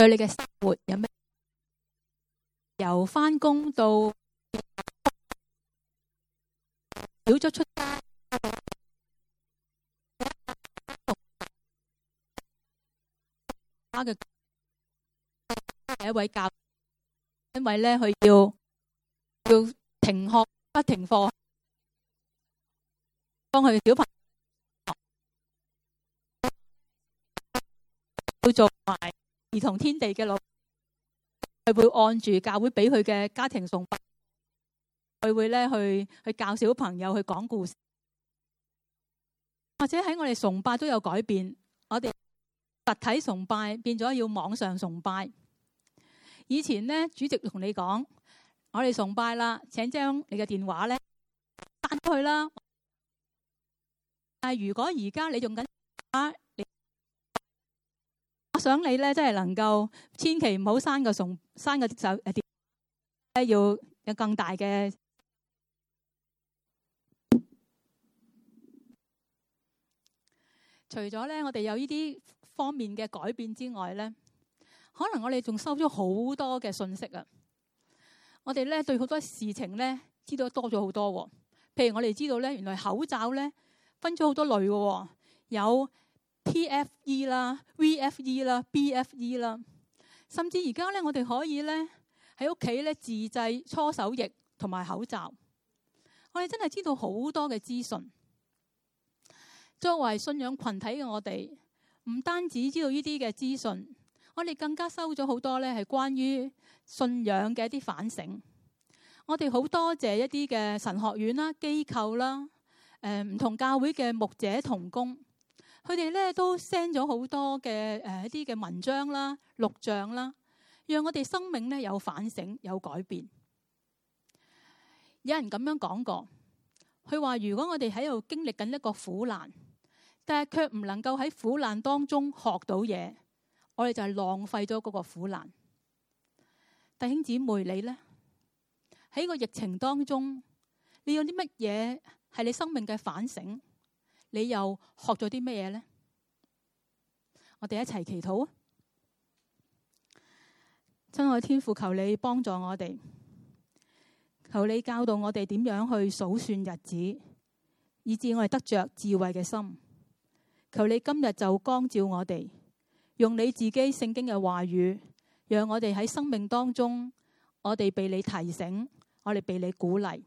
對你嘅生活有咩？由返工到少咗出家街，有一位教因為咧，佢要要停學不停課，幫佢嘅小朋友做埋。兒童天地嘅老師會按住教會俾佢嘅家庭崇拜，佢會咧去去教小朋友去講故事，或者喺我哋崇拜都有改變，我哋實體崇拜變咗要網上崇拜。以前咧，主席同你講，我哋崇拜啦，請將你嘅電話咧翻去啦。但係如果而家你用緊電我想你咧，真係能夠千祈唔好刪個重刪個手誒！點咧要有更大嘅，除咗咧，我哋有呢啲方面嘅改變之外咧，可能我哋仲收咗好多嘅信息啊！我哋咧對好多事情咧知道多咗好多，哦。譬如我哋知道咧，原來口罩咧分咗好多類嘅，哦，有。TFE 啦、VFE 啦、BFE 啦，甚至而家咧，我哋可以咧喺屋企咧自製搓手液同埋口罩。我哋真係知道好多嘅資訊。作為信仰群體嘅我哋，唔單止知道呢啲嘅資訊，我哋更加收咗好多咧係關於信仰嘅一啲反省。我哋好多謝一啲嘅神學院啦、機構啦、誒唔同教會嘅牧者同工。佢哋呢都 send 咗好多嘅誒一啲嘅文章啦、錄像啦，讓我哋生命呢有反省、有改變。有人咁樣講過，佢話：如果我哋喺度經歷緊一個苦難，但係卻唔能夠喺苦難當中學到嘢，我哋就係浪費咗嗰個苦難。弟兄姊妹，你呢？喺個疫情當中，你有啲乜嘢係你生命嘅反省？你又學咗啲咩嘢呢？我哋一齊祈禱，親愛天父，求你幫助我哋，求你教導我哋點樣去數算日子，以致我哋得着智慧嘅心。求你今日就光照我哋，用你自己聖經嘅話語，讓我哋喺生命當中，我哋被你提醒，我哋被你鼓勵，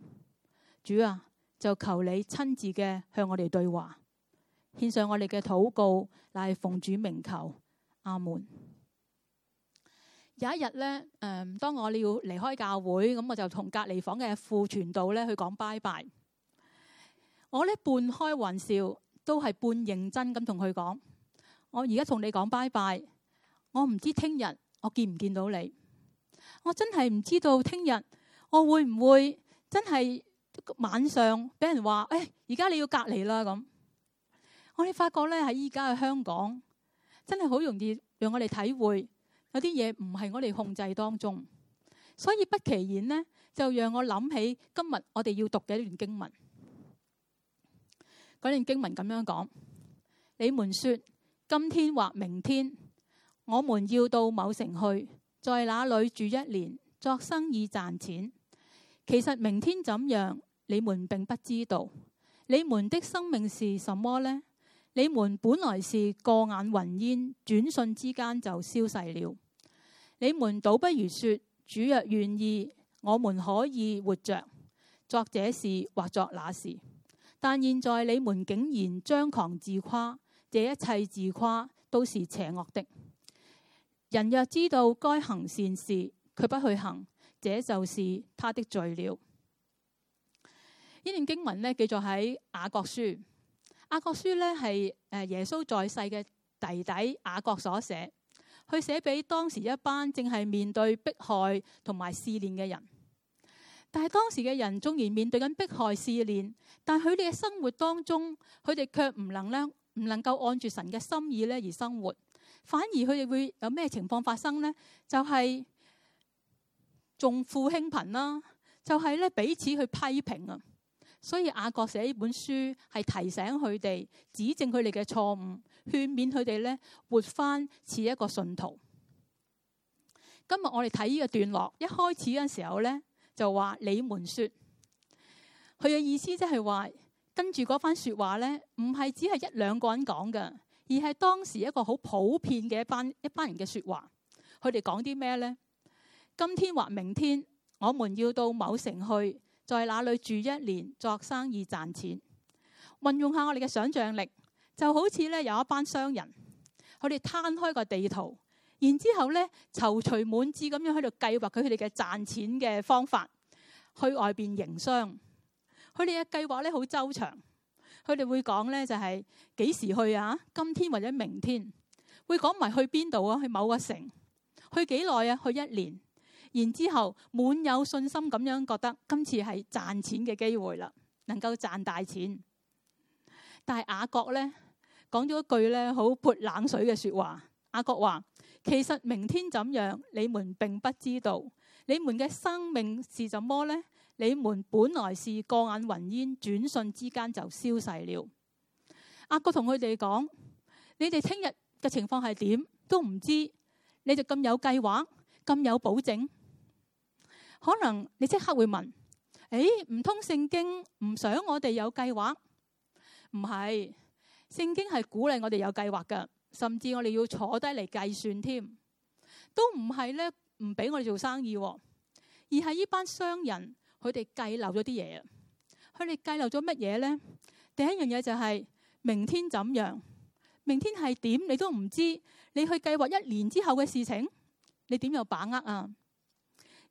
主啊！就求你親自嘅向我哋對話，獻上我哋嘅禱告，乃奉主名求，阿門。有一日呢，誒、嗯，當我要離開教會，咁我就同隔籬房嘅副傳道呢去講拜拜。我呢半開玩笑，都係半認真咁同佢講，我而家同你講拜拜，我唔知聽日我見唔見到你，我真係唔知道聽日我會唔會真係。晚上俾人話，誒、哎，而家你要隔離啦，咁。我哋發覺呢，喺依家嘅香港真係好容易讓我哋體會有啲嘢唔係我哋控制當中，所以不其然呢，就讓我諗起今日我哋要讀嘅一段經文。嗰段經文咁樣講：你們說今天或明天，我們要到某城去，在那裏住一年，作生意賺錢。其實明天怎樣，你們並不知道。你們的生命是什麼呢？你們本來是過眼雲煙，轉瞬之間就消逝了。你們倒不如說，主若願意，我們可以活着，作這事，或作那事」，但現在你們竟然張狂自誇，這一切自誇都是邪惡的。人若知道該行善事，卻不去行。這就是他的罪了。呢段經文呢，記載喺雅各書。雅各書呢，係誒耶穌在世嘅弟弟雅各所寫，佢寫俾當時一班正係面對迫害同埋試煉嘅人。但係當時嘅人縱然面對緊迫害試煉，但係佢哋嘅生活當中，佢哋卻唔能呢唔能夠按住神嘅心意呢而生活，反而佢哋會有咩情況發生呢？就係、是。重富輕貧啦，就係、是、咧，彼此去批評啊，所以雅各寫呢本書係提醒佢哋，指正佢哋嘅錯誤，勸勉佢哋咧活返似一個信徒。今日我哋睇呢個段落，一開始嗰陣時候咧就話你們說，佢嘅意思即係話跟住嗰番說話咧，唔係只係一兩個人講嘅，而係當時一個好普遍嘅一班一班人嘅說話。佢哋講啲咩咧？今天或明天，我們要到某城去，在那裏住一年，作生意賺錢。運用下我哋嘅想象力，就好似咧有一班商人，佢哋攤開個地圖，然之後咧躊躇滿志咁樣喺度計劃佢佢哋嘅賺錢嘅方法，去外邊營商。佢哋嘅計劃咧好周詳，佢哋會講咧就係、是、幾時去啊？今天或者明天會講埋去邊度啊？去某個城。去幾耐啊？去一年。然之後滿有信心咁樣覺得今次係賺錢嘅機會啦，能夠賺大錢。但係雅各呢，講咗一句咧好潑冷水嘅説話。雅各話：其實明天怎樣，你們並不知道。你們嘅生命是怎麼呢？你們本來是過眼雲煙，轉瞬之間就消逝了。雅各同佢哋講：你哋聽日嘅情況係點都唔知道，你哋咁有計劃，咁有保證。可能你即刻會問，誒，唔通聖經唔想我哋有計劃？唔係，聖經係鼓勵我哋有計劃嘅，甚至我哋要坐低嚟計算添。都唔係咧，唔俾我哋做生意，而係呢班商人佢哋計漏咗啲嘢。佢哋計漏咗乜嘢咧？第一樣嘢就係明天怎樣，明天係點你都唔知，你去計劃一年之後嘅事情，你點有把握啊？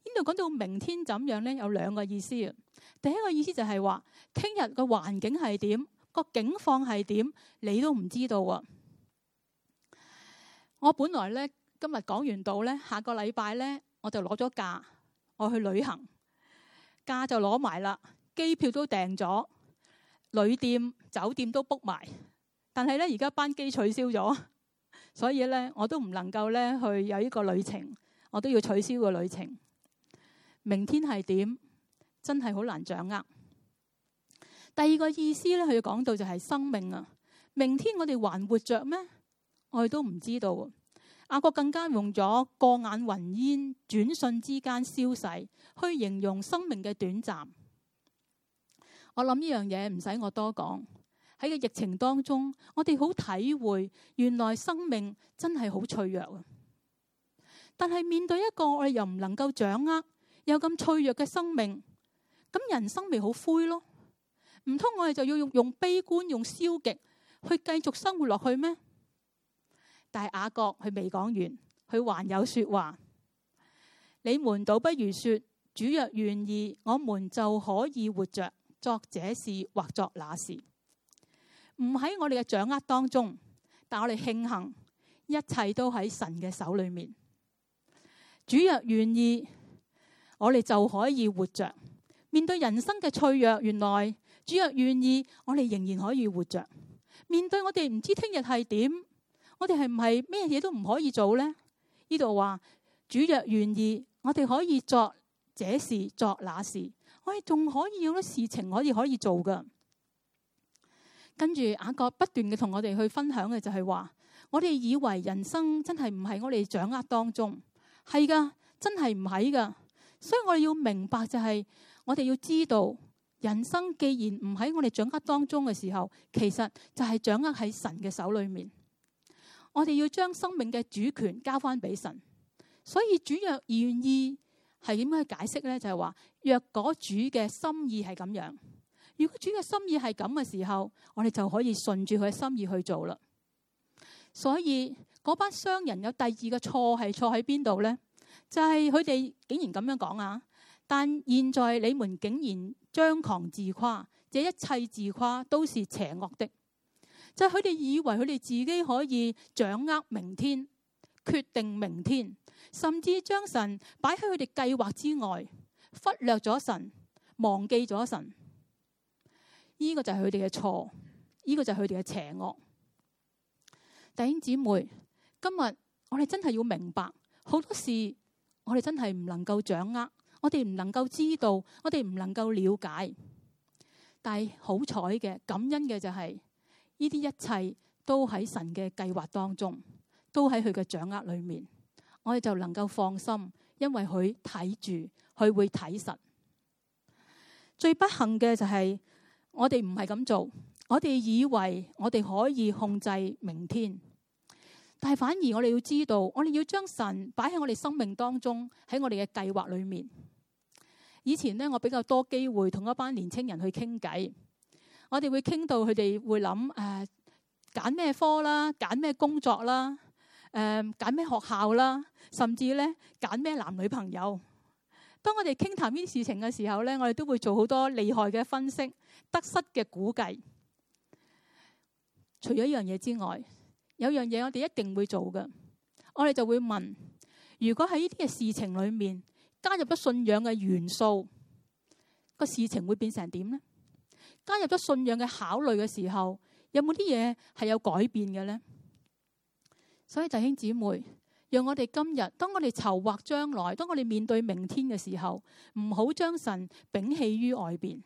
呢度講到明天怎樣呢，有兩個意思。第一個意思就係話，聽日個環境係點，個境況係點，你都唔知道啊。我本來呢，今日講完到呢，下個禮拜呢，我就攞咗假，我去旅行，假就攞埋啦，機票都訂咗，旅店酒店都 book 埋，但係呢，而家班機取消咗，所以呢，我都唔能夠呢去有呢個旅程，我都要取消個旅程。明天係點真係好難掌握。第二個意思呢佢講到就係生命啊。明天我哋還活着咩？我哋都唔知道。阿國更加用咗過眼雲煙、轉瞬之間消逝去形容生命嘅短暫。我諗呢樣嘢唔使我多講喺個疫情當中，我哋好體會原來生命真係好脆弱。但係面對一個我哋又唔能夠掌握。有咁脆弱嘅生命，咁人生咪好灰咯？唔通我哋就要用悲觀、用消極去繼續生活落去咩？但係雅各佢未講完，佢還有說話。你們倒不如說，主若願意，我們就可以活着，作這事或作那事，唔喺我哋嘅掌握當中，但我哋慶幸一切都喺神嘅手裏面。主若願意。我哋就可以活着面對人生嘅脆弱。原來主若願意，我哋仍然可以活着面對我哋唔知聽日係點，我哋係唔係咩嘢都唔可以做呢？呢度話主若願意，我哋可以作這事作那事，我哋仲可以有啲事情可以可以做噶。跟住阿哥不斷嘅同我哋去分享嘅就係話，我哋以為人生真係唔係我哋掌握當中係噶，真係唔係噶。所以我哋要明白就係，我哋要知道，人生既然唔喺我哋掌握當中嘅時候，其實就係掌握喺神嘅手裏面。我哋要將生命嘅主權交翻俾神。所以主若願意係點樣去解釋呢？就係話，若果主嘅心意係咁樣，如果主嘅心意係咁嘅時候，我哋就可以順住佢嘅心意去做啦。所以嗰班商人有第二個錯係錯喺邊度呢？就係佢哋竟然咁樣講啊！但現在你們竟然張狂自誇，這一切自誇都是邪惡的。就係佢哋以為佢哋自己可以掌握明天，決定明天，甚至將神擺喺佢哋計劃之外，忽略咗神，忘記咗神。呢個就係佢哋嘅錯，呢個就係佢哋嘅邪惡。弟兄姊妹，今日我哋真係要明白好多事。我哋真係唔能夠掌握，我哋唔能夠知道，我哋唔能夠了解。但係好彩嘅，感恩嘅就係呢啲一切都喺神嘅計劃當中，都喺佢嘅掌握裏面，我哋就能夠放心，因為佢睇住，佢會睇實。最不幸嘅就係、是、我哋唔係咁做，我哋以為我哋可以控制明天。但係反而我哋要知道，我哋要將神擺喺我哋生命當中，喺我哋嘅計劃裏面。以前咧，我比較多機會同一班年青人去傾偈，我哋會傾到佢哋會諗誒，呃、揀咩科啦，揀咩工作啦，誒、呃，揀咩學校啦，甚至咧揀咩男女朋友。當我哋傾談呢事情嘅時候咧，我哋都會做好多利害嘅分析、得失嘅估計。除咗一樣嘢之外。有樣嘢我哋一定會做嘅，我哋就會問：「如果喺呢啲嘅事情裏面加入咗信仰嘅元素，個事情會變成點呢？加入咗信仰嘅考慮嘅時候，有冇啲嘢係有改變嘅呢？」所以弟兄姊妹，讓我哋今日，當我哋籌劃將來，當我哋面對明天嘅時候，唔好將神摒棄於外邊。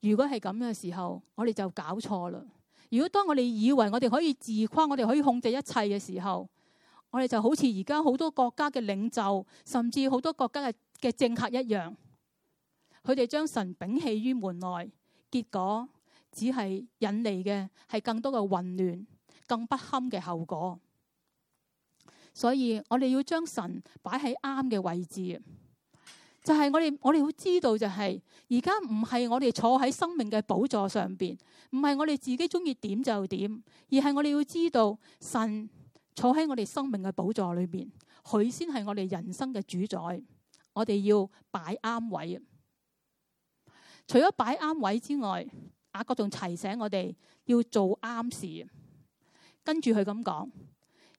如果係咁樣嘅時候，我哋就搞錯啦。如果當我哋以為我哋可以自誇，我哋可以控制一切嘅時候，我哋就好似而家好多國家嘅領袖，甚至好多國家嘅嘅政客一樣，佢哋將神摒棄於門內，結果只係引嚟嘅係更多嘅混亂，更不堪嘅後果。所以我哋要將神擺喺啱嘅位置。就係、是、我哋，我哋要知道就係而家唔係我哋坐喺生命嘅寶座上邊，唔係我哋自己中意點就點，而係我哋要知道神坐喺我哋生命嘅寶座裏邊，佢先係我哋人生嘅主宰。我哋要擺啱位。除咗擺啱位之外，雅各仲提醒我哋要做啱事。跟住佢咁講：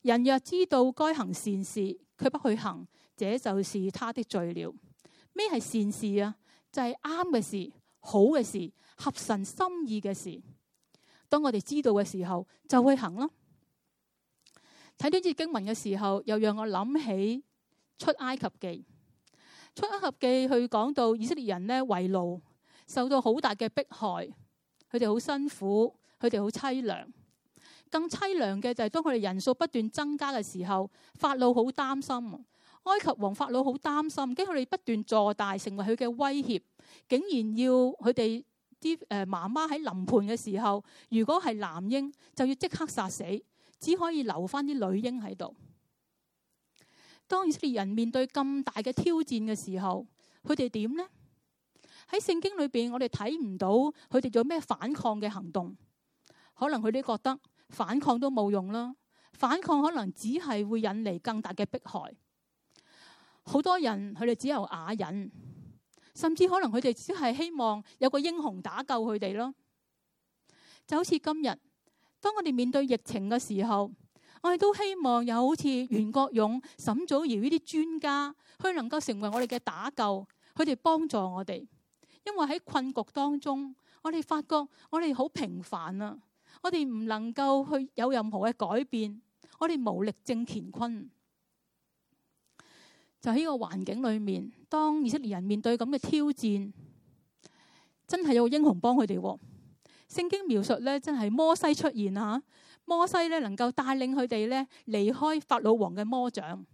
人若知道該行善事，卻不去行，這就是他的罪了。咩係善事啊？就係啱嘅事、好嘅事、合神心意嘅事。當我哋知道嘅時候，就會行咯。睇到呢節經文嘅時候，又讓我諗起出埃及記。出埃及記去講到以色列人呢，圍路，受到好大嘅迫害，佢哋好辛苦，佢哋好淒涼。更淒涼嘅就係、是、當佢哋人數不斷增加嘅時候，法老好擔心。埃及王法老好擔心，驚佢哋不斷壯大，成為佢嘅威脅。竟然要佢哋啲誒媽媽喺臨盆嘅時候，如果係男嬰就要即刻殺死，只可以留翻啲女嬰喺度。當以色列人面對咁大嘅挑戰嘅時候，佢哋點呢？喺聖經裏邊，我哋睇唔到佢哋做咩反抗嘅行動。可能佢哋覺得反抗都冇用啦，反抗可能只係會引嚟更大嘅迫害。好多人佢哋只有啞忍，甚至可能佢哋只係希望有個英雄打救佢哋咯。就好似今日，當我哋面對疫情嘅時候，我哋都希望有好似袁國勇、沈祖堯呢啲專家，佢能夠成為我哋嘅打救，佢哋幫助我哋。因為喺困局當中，我哋發覺我們很平凡，我哋好平凡啊！我哋唔能夠去有任何嘅改變，我哋無力正乾坤。就喺呢個環境裏面，當以色列人面對咁嘅挑戰，真係有個英雄幫佢哋。聖經描述呢，真係摩西出現吓，摩西呢，能夠帶領佢哋呢離開法老王嘅魔掌。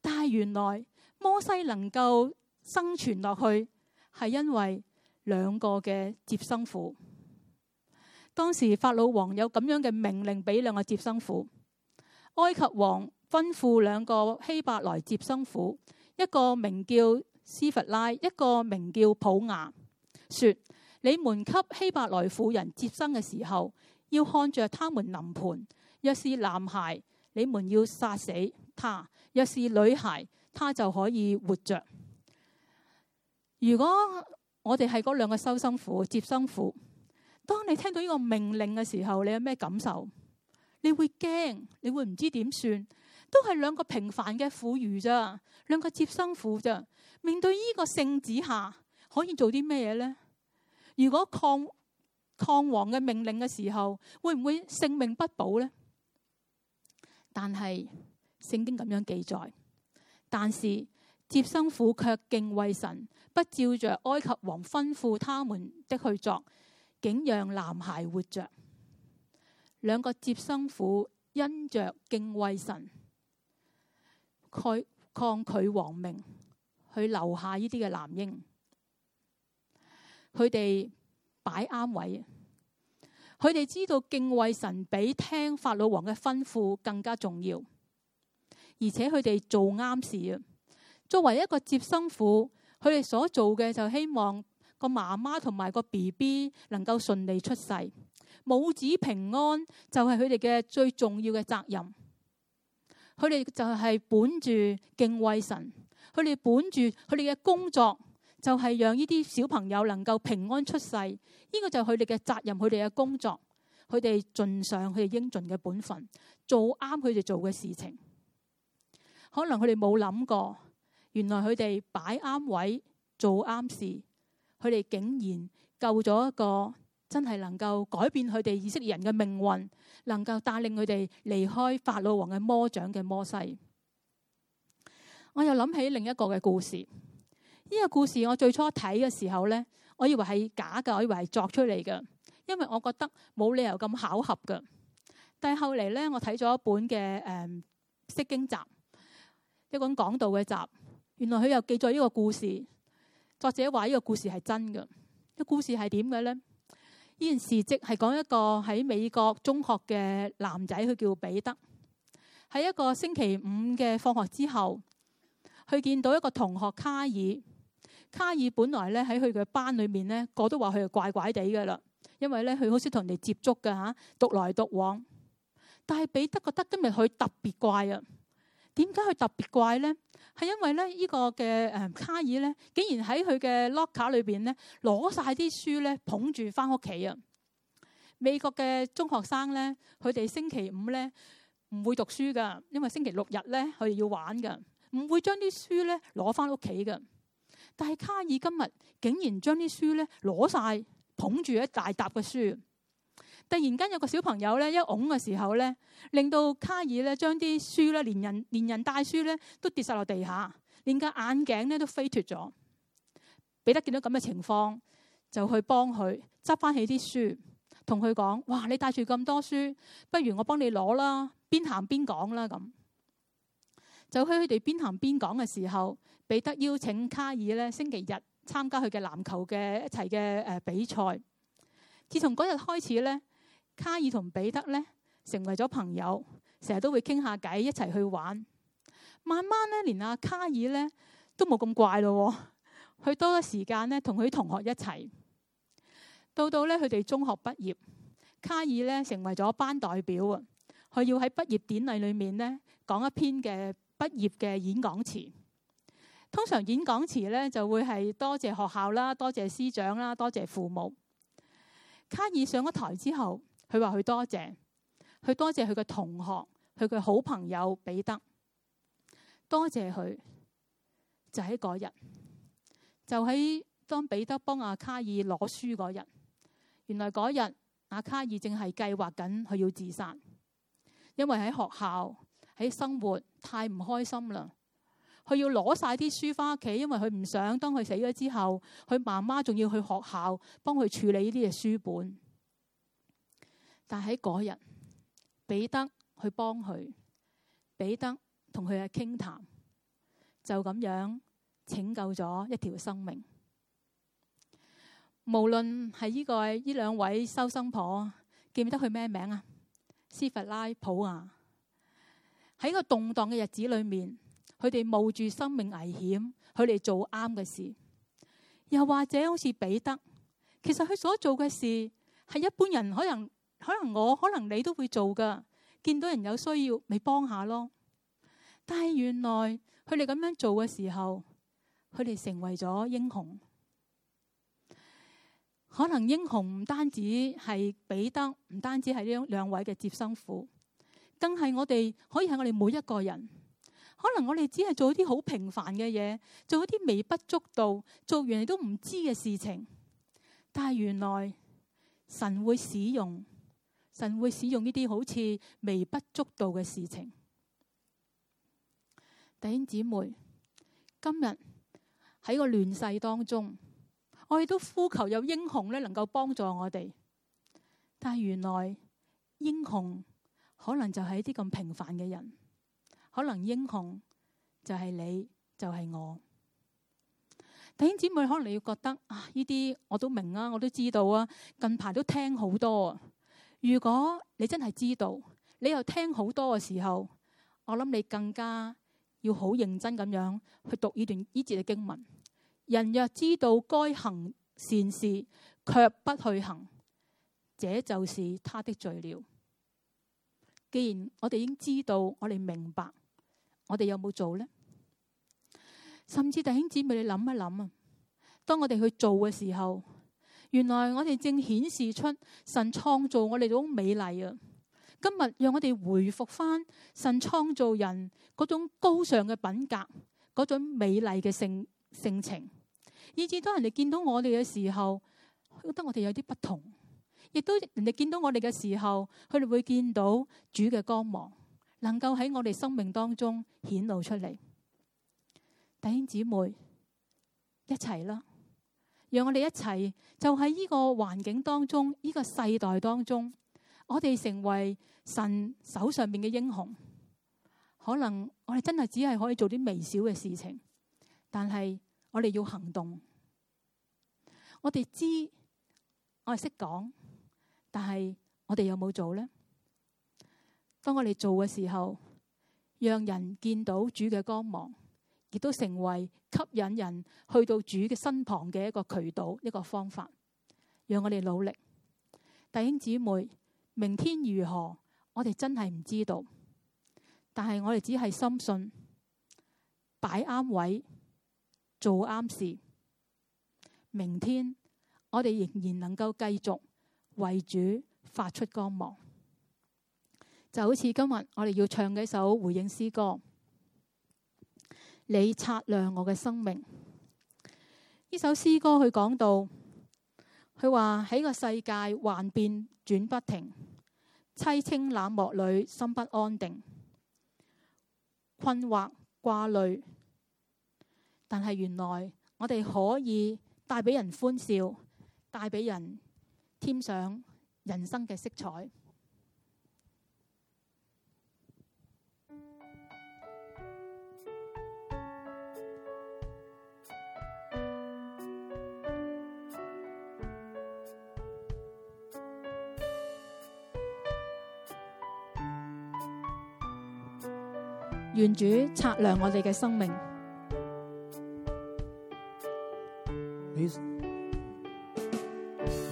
但係原來摩西能夠生存落去，係因為兩個嘅接生婦。當時法老王有咁樣嘅命令俾兩個接生婦，埃及王。吩咐兩個希伯來接生婦，一個名叫斯弗拉，一個名叫普亞，說：你們給希伯來婦人接生嘅時候，要看着他們臨盆。若是男孩，你們要殺死他；若是女孩，他就可以活着。如果我哋係嗰兩個收生婦、接生婦，當你聽到呢個命令嘅時候，你有咩感受？你會驚，你會唔知點算？都係兩個平凡嘅婦孺咋，兩個接生婦咋，面對呢個聖旨下可以做啲咩嘢呢？如果抗抗王嘅命令嘅時候，會唔會性命不保呢？但係聖經咁樣記載，但是接生婦卻敬畏神，不照着埃及王吩咐他們的去作，竟讓男孩活着。兩個接生婦因着敬畏神。佢抗拒王命，去留下呢啲嘅男嬰。佢哋擺啱位，佢哋知道敬畏神比聽法老王嘅吩咐更加重要。而且佢哋做啱事，作為一個接生婦，佢哋所做嘅就希望個媽媽同埋個 B B 能夠順利出世，母子平安就係佢哋嘅最重要嘅責任。佢哋就係本住敬畏神，佢哋本住佢哋嘅工作就係讓呢啲小朋友能夠平安出世，呢個就係佢哋嘅責任、佢哋嘅工作，佢哋盡上佢哋應盡嘅本分，做啱佢哋做嘅事情。可能佢哋冇諗過，原來佢哋擺啱位做啱事，佢哋竟然救咗一個。真係能夠改變佢哋以色列人嘅命運，能夠帶領佢哋離開法老王嘅魔掌嘅摩西。我又諗起另一個嘅故事，呢個故事我最初睇嘅時候呢，我以為係假㗎，我以為係作出嚟㗎，因為我覺得冇理由咁巧合㗎。但係後嚟呢，我睇咗一本嘅誒釋經集，一本講道嘅集，原來佢又記載呢個故事。作者話呢個故事係真㗎，呢個故事係點嘅呢？呢件事跡係講一個喺美國中學嘅男仔，佢叫彼得。喺一個星期五嘅放學之後，佢見到一個同學卡爾。卡爾本來咧喺佢嘅班裏面呢，個都話佢係怪怪地嘅啦。因為咧，佢好少同人哋接觸㗎吓，獨來獨往。但係彼得覺得今日佢特別怪啊。點解佢特別怪咧？係因為咧，呢個嘅誒卡爾咧，竟然喺佢嘅 locker 卡裏邊咧，攞晒啲書咧，捧住翻屋企啊！美國嘅中學生咧，佢哋星期五咧唔會讀書噶，因為星期六日咧佢哋要玩噶，唔會將啲書咧攞翻屋企噶。但係卡爾今日竟然將啲書咧攞晒，捧住一大沓嘅書。突然間有個小朋友咧一擁嘅時候咧，令到卡爾咧將啲書咧連人連人帶書咧都跌晒落地下，連個眼鏡咧都飛脱咗。彼得見到咁嘅情況，就去幫佢執翻起啲書，同佢講：哇！你帶住咁多書，不如我幫你攞啦，邊行邊講啦咁。就喺佢哋邊行邊講嘅時候，彼得邀請卡爾咧星期日參加佢嘅籃球嘅一齊嘅誒比賽。自從嗰日開始咧。卡爾同彼得咧成為咗朋友，成日都會傾下偈，一齊去玩。慢慢咧，連阿卡爾咧都冇咁怪咯。佢多咗時間咧同佢同學一齊，到到咧佢哋中學畢業，卡爾咧成為咗班代表啊。佢要喺畢業典禮裏面咧講一篇嘅畢業嘅演講詞。通常演講詞咧就會係多謝學校啦，多謝師長啦，多謝父母。卡爾上咗台之後。佢話佢多謝，佢多謝佢嘅同學，佢嘅好朋友彼得，多謝佢。就喺嗰日，就喺當彼得幫阿卡爾攞書嗰日，原來嗰日阿卡爾正係計劃緊佢要自殺，因為喺學校喺生活太唔開心啦。佢要攞晒啲書返屋企，因為佢唔想當佢死咗之後，佢媽媽仲要去學校幫佢處理呢啲嘅書本。但喺嗰日，彼得去幫佢，彼得同佢啊傾談，就咁樣拯救咗一條生命。無論係呢、呢個呢兩位收生婆，記唔記得佢咩名啊？斯弗拉普啊，喺個動盪嘅日子裏面，佢哋冒住生命危險，佢哋做啱嘅事。又或者好似彼得，其實佢所做嘅事係一般人可能。可能我，可能你都會做㗎，見到人有需要咪幫下咯。但係原來佢哋咁樣做嘅時候，佢哋成為咗英雄。可能英雄唔單止係彼得，唔單止係呢兩位嘅接生婦，更係我哋，可以係我哋每一個人。可能我哋只係做一啲好平凡嘅嘢，做一啲微不足道，做完你都唔知嘅事情，但係原來神會使用。神會使用呢啲好似微不足道嘅事情。弟兄姊妹，今日喺個亂世當中，我哋都呼求有英雄能夠幫助我哋。但係原來英雄可能就係一啲咁平凡嘅人，可能英雄就係你就係我。弟兄姊妹，可能你要覺得啊，呢啲我都明啊，我都知道啊，近排都聽好多。如果你真係知道，你又聽好多嘅時候，我諗你更加要好認真咁樣去讀呢段呢節嘅經文。人若知道該行善事，卻不去行，這就是他的罪了。既然我哋已經知道，我哋明白，我哋有冇做呢？甚至弟兄姊妹，你諗一諗啊！當我哋去做嘅時候。原來我哋正顯示出神創造我哋種美麗啊！今日讓我哋回復翻神創造人嗰種高尚嘅品格，嗰種美麗嘅性性情，以至當人哋見到我哋嘅時候，覺得我哋有啲不同；亦都人哋見到我哋嘅時候，佢哋會見到主嘅光芒，能夠喺我哋生命當中顯露出嚟。弟兄姊妹，一齊啦！讓我哋一齊就喺呢個環境當中，呢個世代當中，我哋成為神手上面嘅英雄。可能我哋真係只係可以做啲微小嘅事情，但係我哋要行動。我哋知，我哋識講，但係我哋有冇做呢？當我哋做嘅時候，讓人見到主嘅光芒。亦都成為吸引人去到主嘅身旁嘅一個渠道，一個方法。讓我哋努力，弟兄姊妹，明天如何，我哋真係唔知道，但係我哋只係深信，擺啱位，做啱事，明天我哋仍然能夠繼續為主發出光芒。就好似今日我哋要唱嘅一首回應詩歌。你擦亮我嘅生命，呢首詩歌佢講到，佢話，喺個世界幻變轉不停，凄清冷漠裏心不安定，困惑掛慮。但係原來我哋可以帶俾人歡笑，帶俾人添上人生嘅色彩。願主擦亮我哋嘅生命，你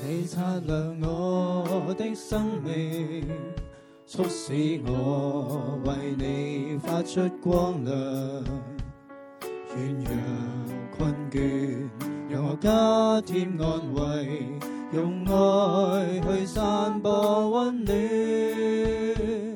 你擦亮我的生命，促使我為你發出光亮，軟弱困倦，讓我加添安慰，用愛去散播溫暖。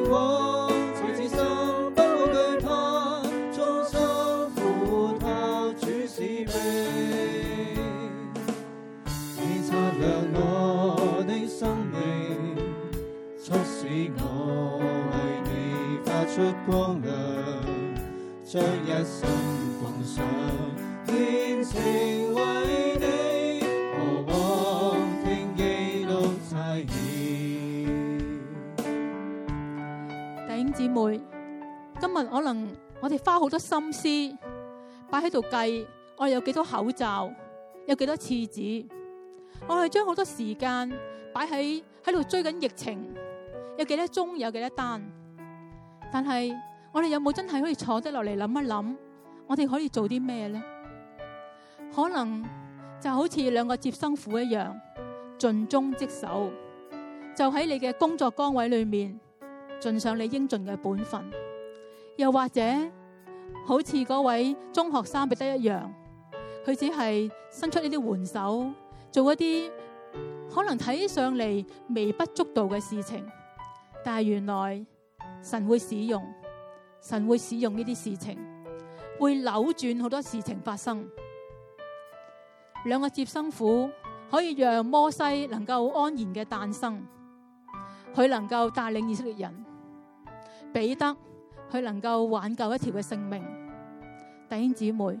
司擺喺度計，我哋有幾多口罩，有幾多廁紙，我係將好多時間擺喺喺度追緊疫情，有幾多宗，有幾多單。但係我哋有冇真係可以坐得落嚟諗一諗，我哋可以做啲咩咧？可能就好似兩個接生婦一樣，盡忠職守，就喺你嘅工作崗位裏面盡上你應盡嘅本分，又或者。好似嗰位中學生彼得一樣，佢只係伸出呢啲援手，做一啲可能睇上嚟微不足道嘅事情，但係原來神會使用，神會使用呢啲事情，會扭轉好多事情發生。兩個接生婦可以讓摩西能夠安然嘅誕生，佢能夠帶領以色列人彼得。佢能夠挽救一條嘅性命，弟兄姊妹，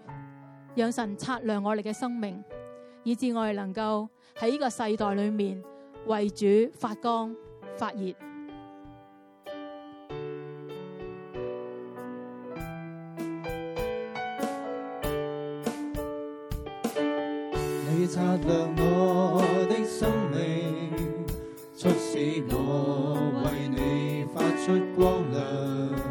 讓神擦亮我哋嘅生命，以至我哋能夠喺呢個世代裏面為主發光發熱。你擦亮我的生命，促使我為你發出光亮。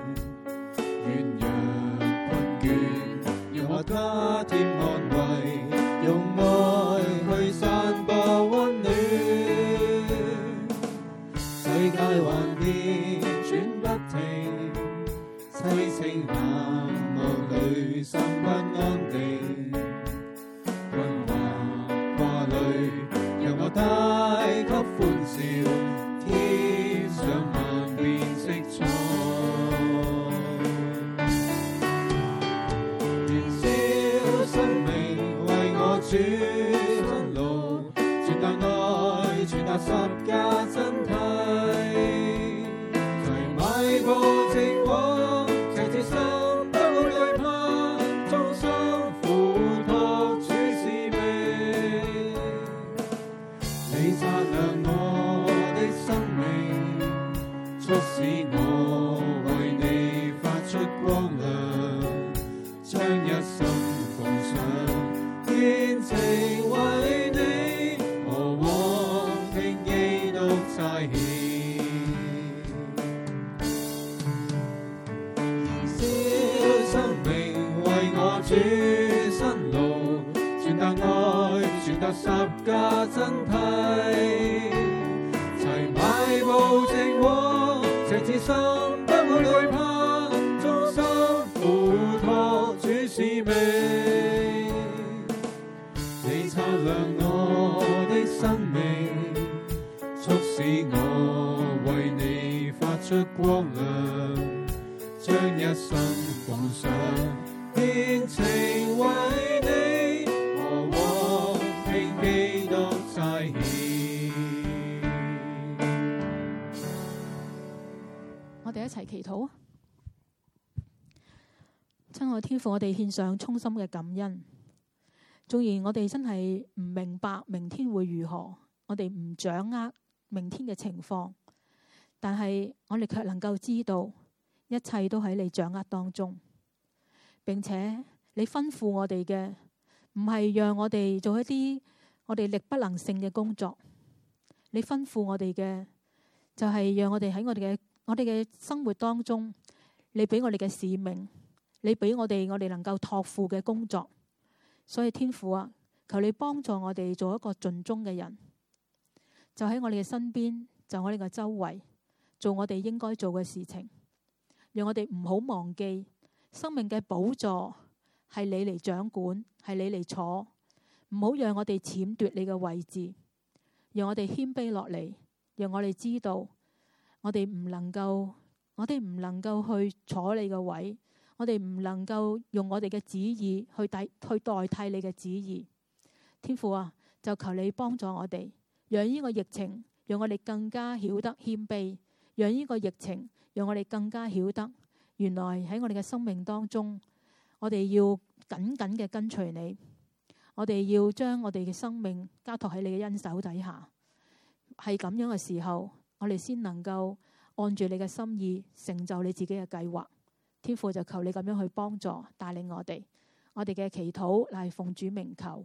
我哋一齊祈禱啊！親愛天父，我哋獻上衷心嘅感恩。縱然我哋真係唔明白明天會如何，我哋唔掌握明天嘅情況，但係我哋卻能夠知道。一切都喺你掌握當中，並且你吩咐我哋嘅唔係讓我哋做一啲我哋力不能勝嘅工作。你吩咐我哋嘅就係讓我哋喺我哋嘅我哋嘅生活當中，你俾我哋嘅使命，你俾我哋我哋能夠託付嘅工作。所以天父啊，求你幫助我哋做一個盡忠嘅人，就喺我哋嘅身邊，就我哋嘅周圍做我哋應該做嘅事情。讓我哋唔好忘記生命嘅寶座係你嚟掌管，係你嚟坐，唔好讓我哋僭奪你嘅位置。讓我哋謙卑落嚟，讓我哋知道我哋唔能夠，我哋唔能夠去坐你嘅位，我哋唔能夠用我哋嘅旨意去代去代替你嘅旨意。天父啊，就求你幫助我哋，讓呢個疫情，讓我哋更加曉得謙卑，讓呢個疫情。讓我哋更加曉得，原來喺我哋嘅生命當中，我哋要緊緊嘅跟隨你，我哋要將我哋嘅生命交託喺你嘅恩手底下。係咁樣嘅時候，我哋先能夠按住你嘅心意，成就你自己嘅計劃。天父，就求你咁樣去幫助帶領我哋，我哋嘅祈禱乃奉主名求。